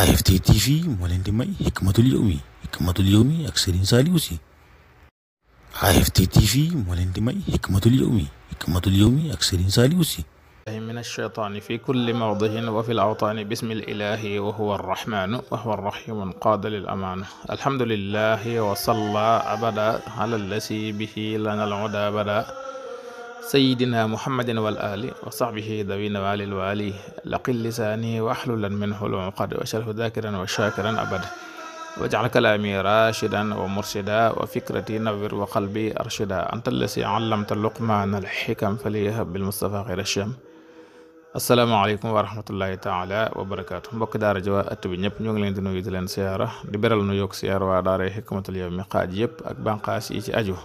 AFT TV moo leen di may Hikmatul Yawmi Hikmatul Yawmi ak Serigne Saliou Sy AFT TV moo leen di may Hikmatul Yawmi Hikmatul Yawmi ak Serigne Saliou Sy min ash-shaytaani fi kulli mawdi'in wa fil awtaani bismil ilaahi wa huwa ar-rahmaanu wa huwa ar-rahiimu qaada lil amaan alhamdulillahi wa salla abada ala allasi bihi lana al-'udaa bada sayidina muhammadin wal ali wa sahbihi dawina walil wali laqil lisaani waxlulan min xulum qad wa sharhu dakiran wa shakiran abad واجعل كلامي راشدا ومرشدا وفكرتي نور وقلبي أرشدا أنت الذي علمت لقمان الحكم فليهب بالمصطفى غير الشم asalaamaaleykum wa rahmatullahi taala wa barakaatu mbokk daara ji waa ëtt bi ñëpp ñoo ngi leen di nuyu di leen siyaara di beral nu yokk siyaar waa daara Hikmatul Yawmi xaaj yëpp ak banqaas yi ci aju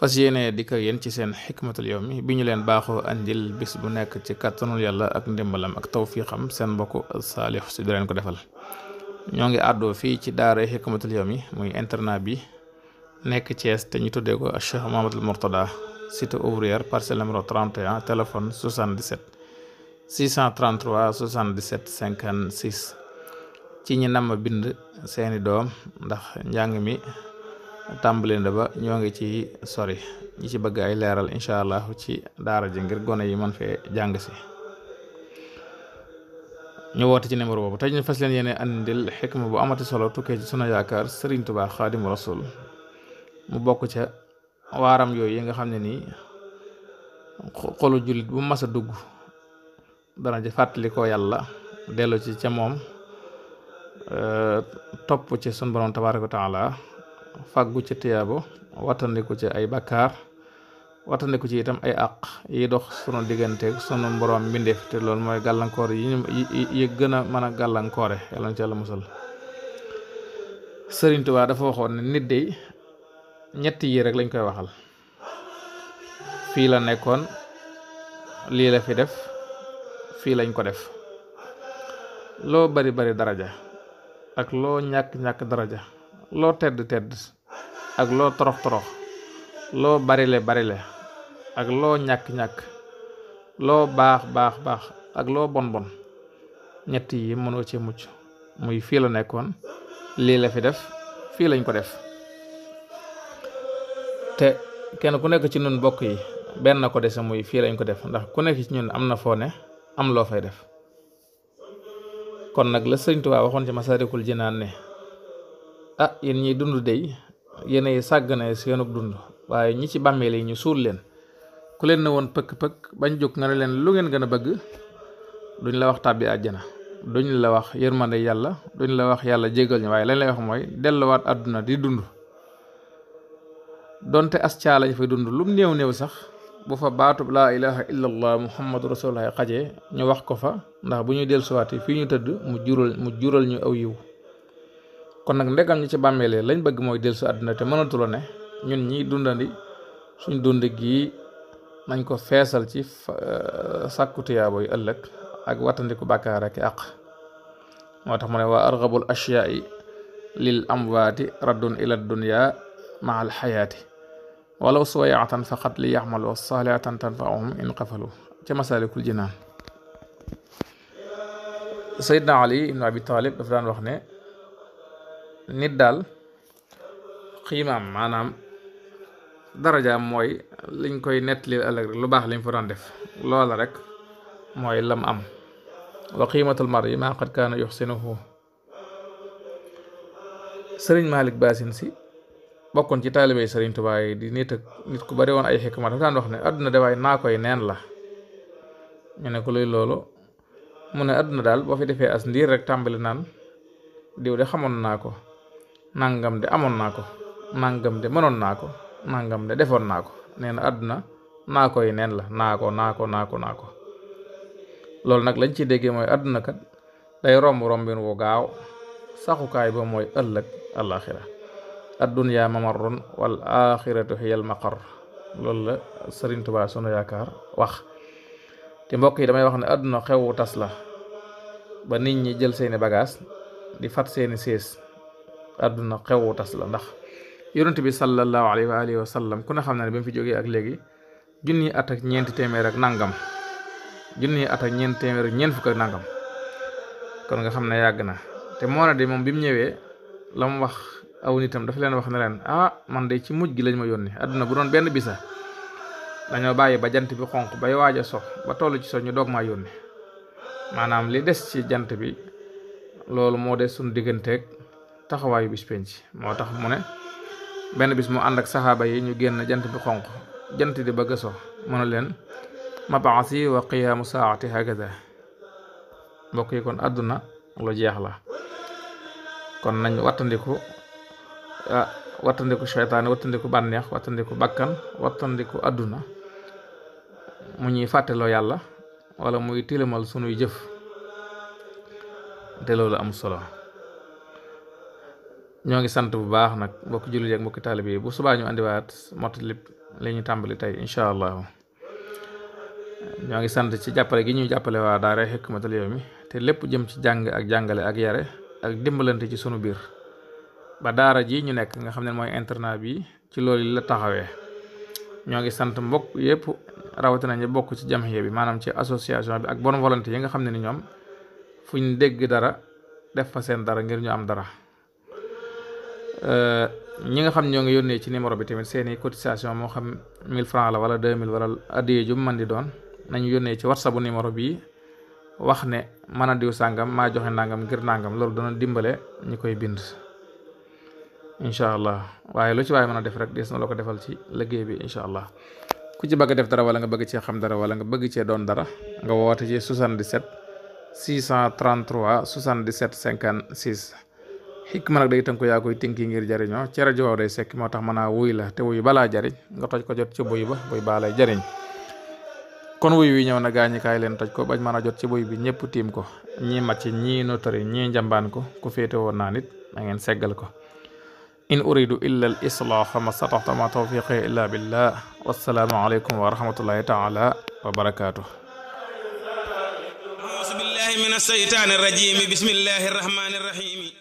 fas yéene di ko yéen ci seen xikmatul yawmi bi ñu leen baaxoo andil bis bu nekk ci kàttanul yàlla ak ndimbalam ak tawfiixam seen mbokk saalix si di leen ko defal ñoo ngi àddoo fii ci daara xikmatul yawmi muy internat bi nekk Thiès te ñu tuddee ko Cheikh Mouhamadoul Mourtada cité ouvrière parcelle numéro 31 téléphone 77 633 77 56 ci ñi namm bind seeni doom ndax njàng mi tàmbali na ba ñoo ngi ci sori ñi ci bëgg ay leeral incha allah ci daara ji ngir gone yi man fee jàng si ñu woote ci numéro boobu tey ñu fas leen yéene andil xikma bu amati solo tukkee ci sunu yaakaar Serigne Touba Xaadimu Rasul mu bokk ca waaram yooyu yi nga xam ne nii xolu jullit bu mas a dugg dana ci fàttali ko yàlla dellu ci ca moom euh, topp ci sunu borom tabaaraka wa taala fag fàggu ci tiyaabo wattandiku ci ay bakkaar wattandiku ci itam ay àq yi dox sunu digganteeg sunu mboroom mbindeef te lool mooy gàllankoor yi yi gën a mën a gàllankoore yàlla na musal Sëriñ Tuubaa dafa waxoon nit day ñetti yi rek lañ koy waxal fii la nekkoon lii la fi def fii lañ ko def loo bari bari daraja ak loo ñàkk ñàkk daraja loo tedd tedd ak loo torox torox loo barile barile ak loo ñàkk ñàkk loo baax baax baax ak loo bon bon ñett yi mënul ci mucc muy fii la nekkoon lii la fi def fii lañ ko def te kenn ku nekk ci ñun bokk yi benn ko dese muy fii lañ ko def ndax ku nekk ci ñun am na foo ne am loo fay def kon nag la Sëriñ Tuubaa waxoon ci Masaalikul naan ne ah yéen ñiy dund dey yéenay sàggane seenug dund waaye ñi ci bàmmeel yi ñu suul leen ku leen ne woon pëkk-pëkk bañ jóg nga ne leen lu ngeen gën a bëgg duñ la wax tàbbi àjjana duñ la wax yërmande yàlla duñ la wax yàlla jégal ñu waaye lañ lay wax mooy delluwaat àdduna di dund donte as caa lañ fay dund lum néew néew sax bu fa baatub laa ilaha illallah muhammadu rasulullah xaje ñu wax ko fa ndax bu ñuy dellu dellusiwaatee fii ñu tëdd mu jural mu jural ñu aw yiw kon nag ndegam ñi ci bàmmeelee lañ bëgg mooy dellu si àdduna te mënatula ne ñun ñi dundandi suñ dund gii nañ ko feesal ci euh, sàkku tiyaabo yi ëllëg ak wattandiku bàkkaar ak àq moo tax mu ne waa argabul ashyaai lil amwaati raddun ila dunya maa al xayaati walaw suwayaatan faqat li yaxmalu saalihatan tanfaahum in qafalu ci masaalikul jinaan Seydina Ali ibn Abi Talib dafa daan wax ne nit daal xiimaam maanaam darajaam mooy liñ koy nettalil ëllëg rek lu baax liñ fa doon def loola rek mooy lam am wa qiimatul mar'i maa qad kaana yuxsinuhu sëriñ Malick Basin si bokkoon ci taalibey sëriñ Tuubaa di nit nit ku bari woon ay xikma daf daan wax ne adduna de waay naa koy neen la ñu ne ko luy loolu mu ne àdduna daal boo fi defee as ndiir rek tàmbali naan diw de xamoon naa ko nangam de amoon naa ko nangam de mënoon naa ko nangam de defoon naa ko nee na àdduna naa ko yi neen la naa ko naa ko naa ko naa ko loolu nag lañ ci déggee mooy àdduna kat day romb rombin wu gaaw saxukaay ba mooy ëllëg alaxira addunya mamarrun wal axiratu xiyal maqar loolu la Sëriñ tubaay sunu yaakaar wax te mbokk yi damay wax ne àdduna xewu tas la ba nit ñi jël seeni bagaas di fat seeni sées àdduna xewu tas la ndax yonent bi sallallahu alayhi wa alihi wa sallam ku ne xam na ne ba mu fi jógee ak léegi junni at ak ñeenti téeméer ak nangam junni at ak ñeenti téeméer ak ñeent fukk ak nangam kon nga xam ne yàgg na te moo na de moom bi mu ñëwee la mu wax aw nitam dafa leen wax ne leen ah man de ci mujj gi lañ ma yónni àdduna bu doon benn bisa dañoo bàyyi ba jant bi xonq bay waaj a sox ba toll ci sox ñu doog maa yónni maanaam li des ci jant bi loolu moo des suñu digganteeg taxawaayu bis penc moo tax mu ne benn bis mu ànd ak saxaaba yi ñu génn jant bi xonq jant di bëgg a so mu ne leen mabaasi wa qiyaamu saati hagada mbokk yi kon àdduna lu jeex la kon nañ wattandiku ah, wattandiku seytaane wattandiku bànneex wattandiku bakkan wattandiku àdduna mu ñuy fàtteloo yàlla wala muy tilimal sunuy jëf te loolu am solo ñoo ngi sant bu baax nag mbokki jullit ak mbokki taalib yi bu subaa ñu andiwaat mottali li ñu tàmbali tey incha allah ñoo ngi sant ci jàppale gi ñuy jàppale waa daara Hikmatul Yawmi te lépp jëm ci jàng ak jàngale ak yare ak dimbalante ci sunu biir ba daara ji ñu nekk nga xam ne mooy internat bi ci loolu la taxawee ñoo ngi sant mbokk yëpp rawatina ñu bokk ci jamhiya bi maanaam ci association bi ak bonne volonté yi nga xam ne ni ñoom fu dégg dara def fa seen dara ngir ñu am dara Euh, ñi nga xam ñoo ngi yónnee ci numéro bi tamit seeni cotisation moo xam 1000 francs la wala 2000 wala addiye ju man di doon nañu yónnee ci whatsapp bu numéro bii wax ne mën a diw sàngam maa joxe nangam ngir nàngam loolu dana dimbale ñi koy bind incha allah waaye lu ci waaye mën a def rek des na loo ko defal ci liggéey bi incha allah ku ci bëgg def dara wala nga bëgg cee xam dara wala nga bëgg cee doon dara nga woote ci 77 633 77 56 xikma nag day tënku yaa koy tënki ngir jariñoo cere joow day moo tax mën naa wuy la te wuy balaa jariñ nga toj ko jot ci buy ba buy baa lay jariñ kon wuy wi ñëw na gaañikaay leen toj ko bañ mën a jot ci buy bi ñëpp tiim ko ñii màcc ñii notari ñii njambaan ko ku féete woon naa nit na ngeen seggal ko in uridu illa al islaaha ma sataxta ma tawfiqi illa billah wassalaamu aleykum wa rahmatullahi taala wa